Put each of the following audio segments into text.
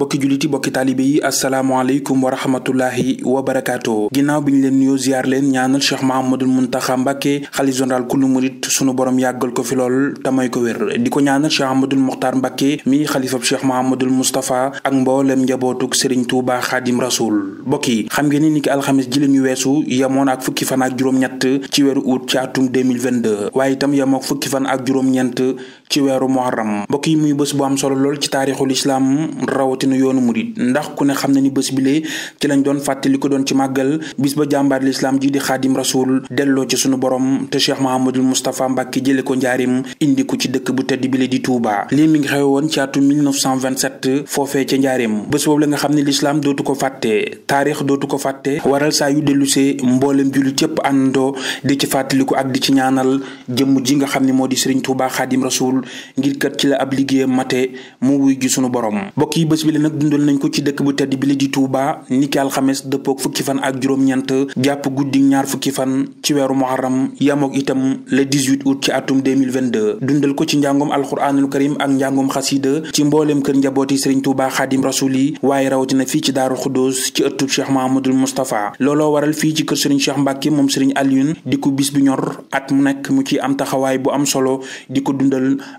bokki juliti bokki taalibe yi asalaamaaleykum wa rahmatullahi wa barakaatu ginnaaw bi ñu leen nuyoo ziar leen ñaanal cheikh mahamadul muntaxa mbàkke xalif général kullu murit sunu borom yàggal ko fi lool te may ko wér di ko ñaanal cheikh ahmadul muxtaar mbàkke mi xalifab cheikh mahamadul moustapha ak mboolem njabootuk sëriñ tuuba xaadim rasul bokki xam ngeen ni ki alxamis ji la ñu weesu yemoon ak fukki fan ak juróom-ñett ci weeru août ci atum 2022 waaye itam yemook fukki fan ak juróom-ñeent ci weeru muharram mbokk yi muy bés bu am solo lool ci taarixul islaam rawatina yoonu murid ndax ku ne xam na ni bés bilee ci lañ doon fàttali ko doon ci màggal bis ba jàmbaar lislaam ji di xaadim rasul delloo ci sunu borom te cheikh mahamadul moustapha mbàkke jële ko njaarim indi ko ci dëkk bu tedd bile di tuubaa lii mi nga xew woon ci atu 1927 foofee ca njaarim bés boobu la nga xam ne lislaam dootu ko fàtte taarix dootu ko fàtte waral saa yu dellusee mboolem jullit yépp àndandoo di ci fàttaliku ak di ci ñaanal jëmm ji nga xam ne moo di sëriñ tuubaa xaadim rasul matul ngir kat ci la ab liggéeyam mate mu wuy ji sunu borom mbokk yi bés bi la nag dundal nañ ko ci dëkk bu tedd bi la di Touba niki alxames dëppoog fukki fan ak juróom-ñeent jàpp guddi ñaar fukki fan ci weeru muharram yamoog itam le 18 août ci atum 2022 dundal ko ci njàngoom alxuraanul karim ak njàngoom xasida ci mbooleem kër njabooti Serigne Touba xaadim rasul yi waaye rawatina fii ci Daaru Xuddoos ci ëttub Cheikh Mahamadul Moustapha looloo waral fii ci kër Serigne Cheikh Mbacke moom Serigne Alioune di ko bis bi ñor at ci am taxawaay bu am solo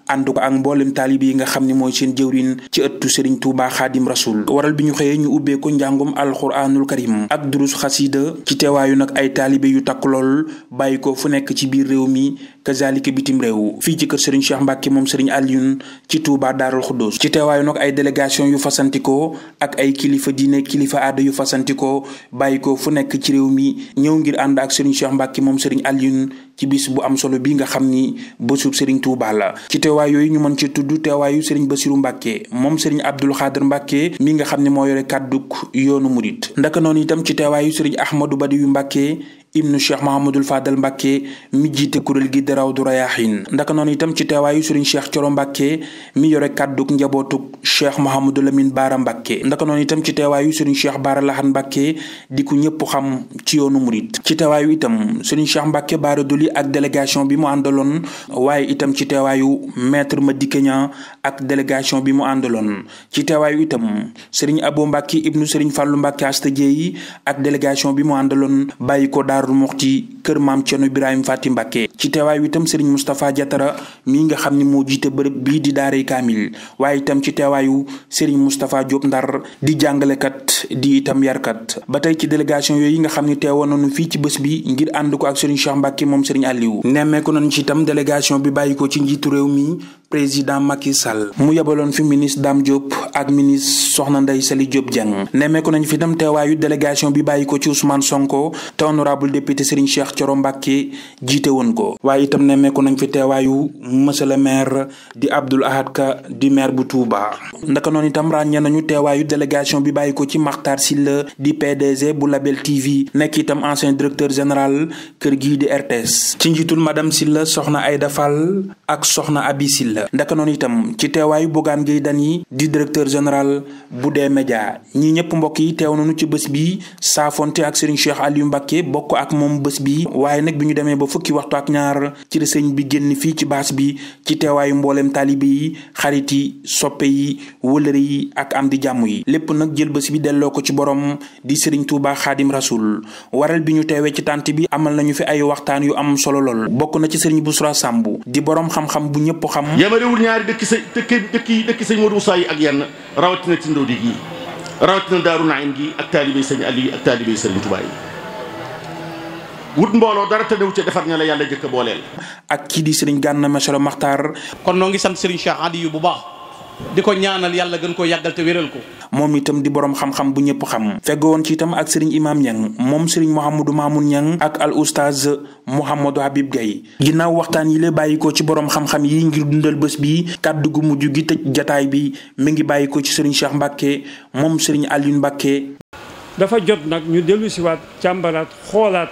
ànd ko ak mboolem taalibe yi nga xam ni mooy seen jëwriñ ci ëttu Serigne Touba Xaadim rasuul waral bi ñu xëyee ñu ubbeeku ko njàngum alxuraanul karim ak durus xasida ci teewaayu nag ay taalibe yu takk lool bàyyi ko fu nekk ci biir réew mi kazalika bitim réew fii ci kër sëriñ Cheikh Mbacke moom sëriñ Alioune ci Touba Daarul Xuddoos ci teewaayu nag ay délégation yu fasantikoo ak ay kilifa diine kilifa aada yu fasantikoo bàyyi ko fu nekk ci réew mi ñëw ngir ànd ak sëriñ Cheikh Mbacke moom sëriñ Alioune ci bis bu am solo bi nga xam ni bësub sëriñ Touba la ci teewaay yooyu ñu mën ci tudd teewaayu sëriñ Basiru Mbacke moom sëriñ Abdul Xaadir Mbacke mi nga xam ne moo yore kàdduk yoonu murit ndaka noonu itam ci teewaayu sëriñ Ahmadou Badiou Mbacke ibnu cheikh mahamadul fadal mbàkke mi jiite kuréel gi daraw du rayaaxin ndaka noonu itam ci teewaayu sëriñ cheikh coro mbàkke mi yore kàdduk njabootug cheikh mahamadul amin baara mbakke ndaka noonu itam ci teewaayu sëriñ cheikh baara laxan mbàkke di ku ñëpp xam ci yoonu murit ci teewaayu itam sëriñ cheikh mbàkke baara doli ak délégation bi mu àndaloon waaye itam ci teewaayu maître Madické Niang ak délégation bi mu àndaloon ci teewaayu itam sëriñ abo mbàkke ibnu sëriñ fàllu mbàkke asta jéey ak délégation bi mu àndaloon bàyyi Daaru Muxti kër maam Cerno Birahim Faty Mbàkke ci teewaay wi itam sëriñ Moustapha Diatara mii nga xam ni moo jiite bërëb bii di daaray kaamil waaye itam ci teewaayu sëriñ Moustapha Diop Ndar di jàngalekat di itam yarkat ba tey ci délégation yooyu nga xam ni teewoon nañu fii ci bës bi ngir ànd ko ak sëriñ Cheikh Mbàkke moom sëriñ Aliou nemmeeku nañu ci itam délégation bi bàyyi ko ci njiitu réew mi président Macky Sall mu yebaloon fi ministre Dame Diop ak ministre Soxna ndey Ndeye Saly Diop Dieng nemmeeku nañu fi itam teewaayu délégation bi bàyyi ko ci Ousmane Sonko te honorable député Serigne Cheikh Thioro Mbacké jiite woon ko waaye itam nemmeeku nañ fi teewaayu monsieur le maire di Abdoul Ahad Ka di maire bu Touba. ndaka noonu itam ràññee nañu teewaayu délégation bi bàyyi ko ci Makhtar Sylla di PDG bu Label TV nekk itam ancien directeur général kër gii di RTS ci njiitul madame Sylla soxna Aïda Fall ak soxna Abi Sylla la ndaka noonu itam ci teewaayu bogaan gi dan yi di directeur général bu dee média ñi ñëpp mbokk yi teew nañu ci bés bi saafonte ak sëriñ cheikh aliou mbàkke bokk ak moom bés bi waaye nag bi ñu demee ba fukki waxtu ak ñaar ci la sëñ bi génn fii ci baas bi ci teewaayu mbooleem taalibe yi xarit yi soppe yi wëlëre yi ak am di jàmm yi lépp nag jël bés bi delloo ko ci borom di sëriñ touba xaadim rasul waral bi ñu teewee ci tànt bi amal nañu fi ay waxtaan yu am solo lool bokk na ci sëriñ busra sàmbu di borom xam-xam bu ñëpp xam yemalewul ñaari dëkki sa dëkki dëkki dëkki sëñ Modou Moussa ak yenn rawatina ci di gii rawatina Daaru Naim gii ak taalibey sëñ Aliou ak taalibey sëriñ Touba yi wut mbooloo dara te newu defar ña la yàlla jëkk booleel. ak kii di sëriñ Gana Messere Maxtaar. kon noo ngi sant sëriñ Cheikh Aliou bu baa di ko ñaanal yàlla gën ko yàggal te wéral ko. moom itam di borom xam-xam bu ñëpp xam. feggoon ci itam ak sëriñ imaam Niang moom sëriñ Mouhamadou Mamoun Niang ak al oustaz Mouhamadou Habib Gaye ginnaaw waxtaan yi la bàyyi ko ci borom xam-xam yi ngir dundal bés bi kàddu gu mujj gi tëj jataay bi mi ngi bàyyi ko ci sëriñ Cheikh Mbacke moom sëriñ Alioune Mbacke. dafa jot nag ñu dellu siwaat càmbaraat xoolaat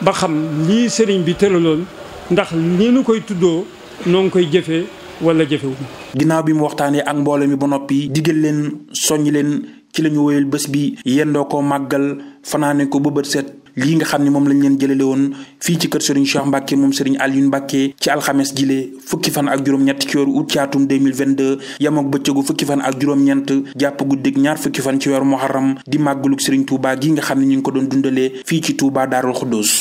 ba xam lii sëriñ bi tëraloon ndax ni nu koy tuddoo noo ngi koy jëfee. wala jëfewuñu ginnaaw bi mu waxtaanee ak mboole mi ba noppi digal leen soññ leen ci la ñu woyal bés bi yendoo ko màggal fanaane ko ba bët set lii nga xam ne moom lañ leen jëlale woon fii ci kër Serigne Cheikh Mbacke moom Serigne Alioune Mbacke ci alxames jile fukki fan ak juróom-ñett ci weeru août ci atum 2022 yam ak bëccëgu fukki fan ak juróom-ñeent jàpp guddig ñaar fukki fan ci weeru muharram di màggalug Serigne Touba gi nga xam ne ñu ngi ko doon dundalee fii ci Touba Daarul Xuddoos